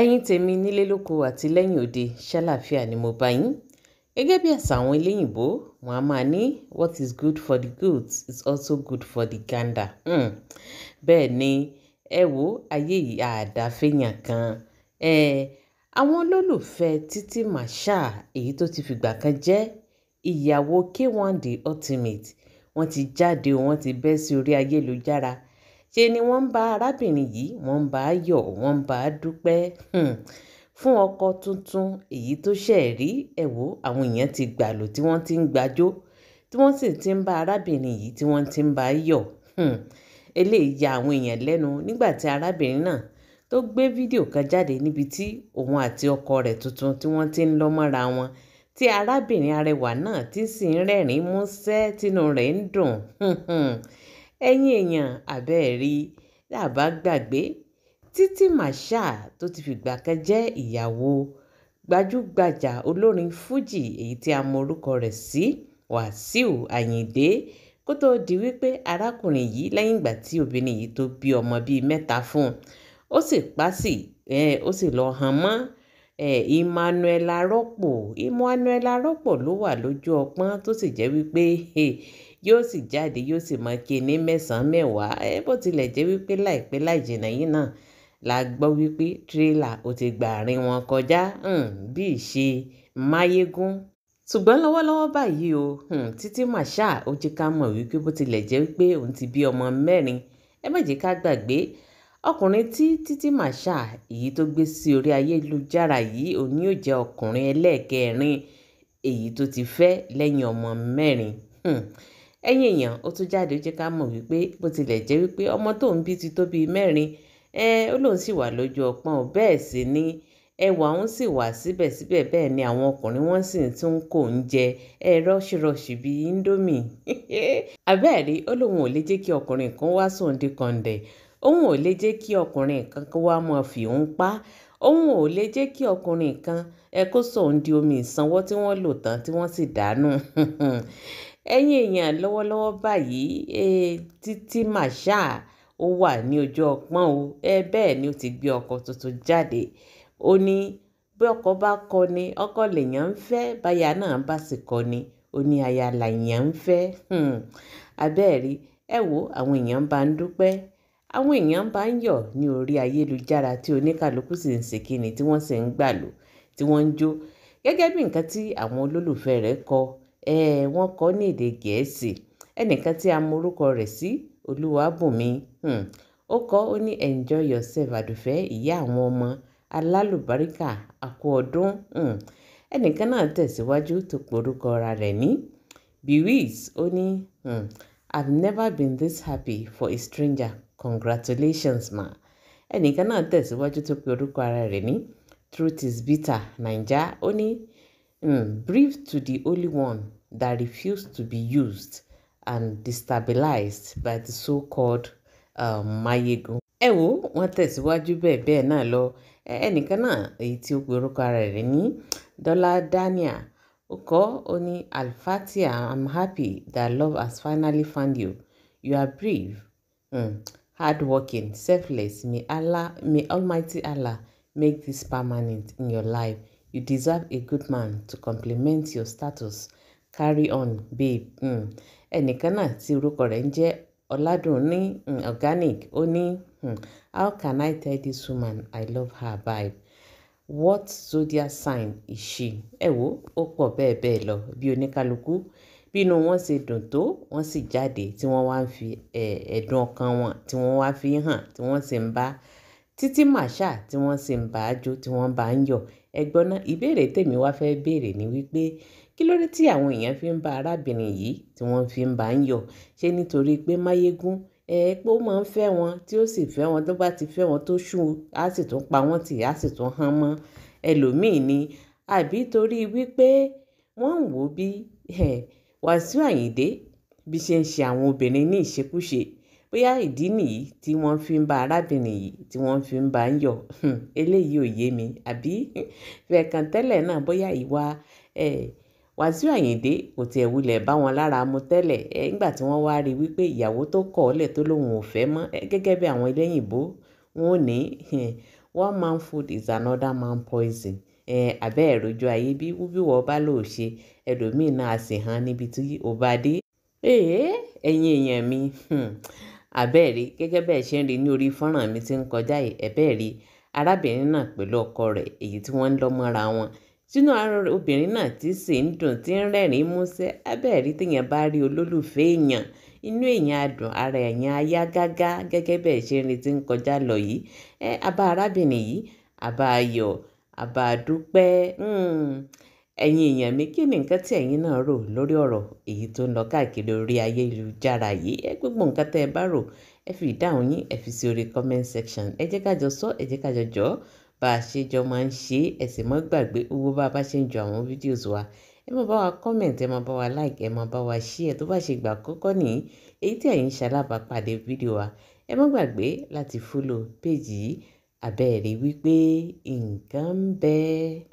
ẹ̀yin tèmi nílé lóko àti lẹ́yìn òde ṣàlàáfíà ni mo bá yín gẹ́gẹ́ bí àṣà àwọn eléyìnbó wọn a máa ní what is good for the goats is also good for the gander mm. bẹ́ẹ̀ ni ẹ wo ayé yìí àdáfẹ́yàn kan ẹ àwọn olólùfẹ́ Títí Marshal èyí tó ti fìgbà kan jẹ́ ìyàwó K1 the ultimate wọ́n ti jáde wọ́n ti bẹ́ sí orí ayélujára ṣe ni wọ́n ń bá arábìnrin yìí wọ́n ń bá a yọ̀ wọ́n ń bá a dúpẹ́ hmm. fún ọkọ tuntun èyí tó ṣẹ̀ rí ẹ̀ àwọn èèyàn ti gbàlò tí wọ́n ti ń gbàjó tí wọ́n sì ti ń bá arábìnrin yìí tí wọ́n ti ń bá a yọ̀ hmm. eléyìí ya àwọn èèyàn lẹ́nu nígbà tí arábìnrin náà tó gbé fídíò kan jáde níbi tí òun àti ọkọ rẹ̀ tuntun tí wọ́n ti ń lọ́ mọ́ra wọn tí arábìnrin arẹwà náà ti sì ń rẹ́rìn-ín músẹ́ tínú ń dùn hmm, ẹ̀yin èèyàn àbẹ́ ẹ̀ rí tá a bá gbàgbé títí marshal tó ti fìgbà kan jẹ́ ìyàwó gbajúgbajà olórin fuji èyí tí a mọ orúkọ rẹ̀ sí wàsíù ayíǹde kó tóó di wípé arákùnrin yìí lẹ́yìn ìgbà tí obìnrin yìí tó bí ọmọ bíi mẹ́ta fún un ó sì pàṣì ó sì lọ hàn mọ́ emmanuel arọ́pò emmanuel arọ́pò ló wà lójú ọpọ́n tó sì jẹ́ wípé yóò sì jáde yóò sì mọ kí ní mẹ́sàn-án mẹ́wàá ẹ bó tilẹ̀ jẹ́ wípé láìpẹ́ láìjìnà yìí náà la gbọ́ wípé tírélà ó ti gba àárín wọn kọjá hmm, bí ìṣe máyégún ṣùgbọ́n lọ́wọ́lọ́wọ́ báyìí o hmm, títí màṣá ó jẹ́ ká mọ̀ wípé bó tilẹ̀ jẹ́ wípé òun ti bí ọmọ mẹ́rin ẹ má jẹ́ ká gbàgbé ọkùnrin tí títí màṣá èyí tó gbé sí orí ayélujára yìí òun yóò jẹ́ ọkùnrin ẹlẹ́ẹ̀kẹrin èyí tó ti fẹ́ lẹ́yìn ọmọ mẹ́rin hmm ẹ̀yìn èèyàn ó tún jáde ó jẹ́ ká mọ̀ wípé bó tilẹ̀ jẹ́ wípé ọmọ tó ń bí ti tó bíi mẹ́rin ẹ ó lóun sì wà lójú ọpọ́n ò bẹ́ẹ̀ sì ni ẹwà òun sì wà síbẹ̀síbẹ̀ bẹ́ẹ̀ ni àwọn ọkùnrin wọ́n sì tún ń kó ń jẹ ẹ rọ́ṣirọ́ṣì bíi indomie abẹ́ẹ̀rí ó lóun ò lè jẹ́ kí ọkùnrin kan wá sóǹde kọ̀ǹdẹ̀ òun ò lè jẹ́ kí ọkùnrin kan wá mọ́ fi òun pa òun ò lè jẹ́ kí ọkùnrin kan ẹ kó sóǹde omi ìsanwó tí wọ́n lò tán tí wọ́n sì dànù ẹ̀yin èèyàn lọ́wọ́lọ́wọ́ báyìí eh, títí marshal ó wà ní ojú ọpọ́n o ẹ bẹ́ẹ̀ ni ó ti gbé ọkọ̀ tuntun jáde ó ní bí ọkọ bá kọ ni ọkọ lèèyàn ń fẹ́ báyà náà bá sì kọ ni ó ní aya làyàn ń fẹ́ hmm. abẹ́ẹ̀rí ẹ wo àwọn èèyàn bá ń dúpẹ́ àwọn èèyàn bá ń yọ̀ ní orí ayélujára tí oníkàlùkù sì ń sìnkìnnì tí wọ́n sì ń gbàlù tí wọ́n ń jó gẹ́gẹ́ bí nǹkan tí àwọn olólùfẹ́ rẹ̀ kọ wọ́n kọ ní èdè gẹ̀ẹ́sì ẹnìkan tí a mọ orúkọ rẹ̀ sí olúwàbùnmi hmm. ó kọ ó ní enjoy yourself àdùfẹ́ ìyá àwọn ọmọ alálùbáríkà àkú ọdún hmm. ẹnìkan náà tẹ̀síwájú tó porúkọ ara rẹ̀ ní bewis ó ní hmm, i've never been this happy for a stranger congratulations ma ẹnìkan náà tẹ̀síwájú tó pe orúkọ ara rẹ̀ ní truth is bitter naija ó ní um mm. brief to the only one that refused to be used and destabilized by the so-called um, mayegun. ẹ wo wọn tẹ̀síwájú bẹ́ẹ̀ bẹ́ẹ̀ náà lọ ẹnìkan náà èyí tí ó gborúkọ ara rẹ̀ ní dọ́là dania ó kọ́ ó ní alfatia i'm happy that love has finally found you you are brave um, hardworking selfless may allah may almighty allah make this permanent in your life you deserve a good man to complement your status carry on babe um ẹnìkan náà tí orúkọ oladun ni jẹ́ hmm, organic oni. ní hmm, how can i tell this woman i love her vibe what zodiac sign is she ẹ wo ó pọ̀ bẹ́ẹ̀ bẹ́ẹ̀ lọ bí oníkálukú bínú wọn ṣe dùn tó wọn sì jáde tí wọn wá ń fi ẹ̀dùn ọkàn wọn tí wọn fi hàn tí wọn sì ń bá títí màṣá tí wọn sì ń bá jó tí wọn ẹ gbọ́ ìbéèrè tèmi wá fẹ́ béèrè ni wípé kí ló dé tí àwọn èèyàn fi ń bá arábìnrin yìí tí wọ́n fi ń bá ń yọ̀ ṣé nítorí pé máyégún ẹ pé ó máa ń fẹ́ wọn tí ó sì fẹ́ wọn tó bá ti fẹ́ wọn tó ṣù á sì tún pa wọ́n tì á sì tún hán mọ́ ẹlòmíì ni àbí torí wípé wọ́n ń wò bí Wàsíù Àyìndé bí ṣe ń ṣe àwọn obìnrin ní ìṣekúṣe bóyá ìdí nìyí tí wọ́n fi ń bá arábìnrin yìí tí wọ́n fi ń bá ń yọ̀ hmm, eléyìí ò yé mi àbí fẹ̀kàn tẹ́lẹ̀ náà bóyá ìwà Wàsíù Àyìndé kò tiẹ̀ wulẹ̀ bá wọn lára mu tẹ́lẹ̀ nígbà tí wọ́n wá rí wípé ìyàwó tó kọ̀ ọ́lẹ̀ tó lòun ò fẹ́ mọ́ gẹ́gẹ́ bí àwọn eléyìnbó wọn ò ní hmm, one man food is another man poison abẹ́ ẹ̀rọjọ ayé bí wíwọ́ bá lò ṣe ẹlòmíín náà sì hàn níbi tí ó bá dé. ẹ̀yin èèyàn mi hmm, àbẹ́ẹ̀rí gẹ́gẹ́ bẹ́ẹ̀ ṣe ń rí ní orí fọ́nrán mi tí ń kọjá yìí ẹ̀bẹ́ẹ̀rí arábìnrin náà pẹ̀lú ọkọ rẹ̀ èyí tí wọ́n ń lọ mọ́ra wọn sínú ara obìnrin náà tí sì ń dùn tí ń rẹ́rìn-ín músẹ́ abẹ́ẹ̀rí téèyàn bá rí olólùfẹ́ èèyàn inú èèyàn á ara èèyàn á gágá gẹ́gẹ́ bẹ́ẹ̀ ṣe ń rí tí ń kọjá lọ yìí ẹ abá arábìnrin yìí abá ayọ̀ abá dúpẹ́ hmm ẹ̀yin èèyàn mi kí ni nǹkan tí ẹ̀yin náà rò lórí ọ̀rọ̀ èyí tó ń lọ káàkiri orí ayélujára yìí ẹ gbogbo nǹkan tẹ́ ẹ bá rò ẹ fi ìdáhùn yín ẹ fi sí orí comment section ẹ jẹ́ kájọ sọ ẹ jẹ́ kájọ jọ bá a ṣe jọ máa ń ṣe ẹ sì mọ́ gbàgbé owó bá a bá ṣe ń jọ àwọn fídíòs wa ẹ máa bá wa comment ẹ máa bá wa like ẹ máa bá wa share tó bá ṣe gbà kọ́kọ́ nìyí èyí tí ẹ̀yin ṣalábàápàdé fídíò wa ẹ má gbàgbé láti follow péjì yìí abẹ́ẹ̀rí wípé nǹkan ń bẹ́ẹ́